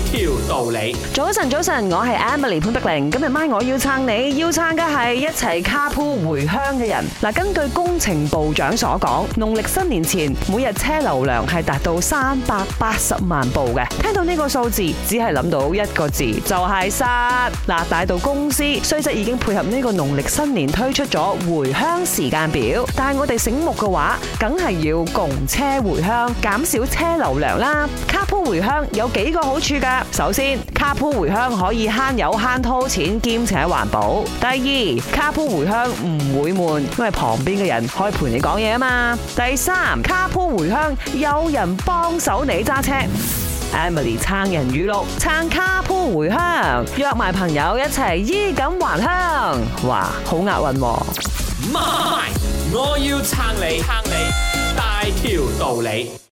條道理，早晨早晨，我係 Emily 潘德玲。今日晚我要撐你，要撐嘅係一齊卡鋪回鄉嘅人。嗱，根據工程部長所講，農曆新年前每日車流量係達到三百八十萬部嘅。聽到呢個數字，只係諗到一個字，就是，就係塞。嗱，大道公司雖則已經配合呢個農曆新年推出咗回鄉時間表，但係我哋醒目嘅話，梗係要共車回鄉，減少車流量啦。卡鋪回鄉有幾個好處？首先，Car Pool 回鄉可以慳油慳掏錢兼且環保。第二，Car Pool 回鄉唔會悶，因為旁邊嘅人可以陪你講嘢啊嘛。第三，Car Pool 回鄉有人幫手你揸車。Emily 撐人語錄，撐 Car Pool 回鄉，約埋朋友一齊衣錦還鄉，哇，好押韻喎！我要撐你撐你，大條道理。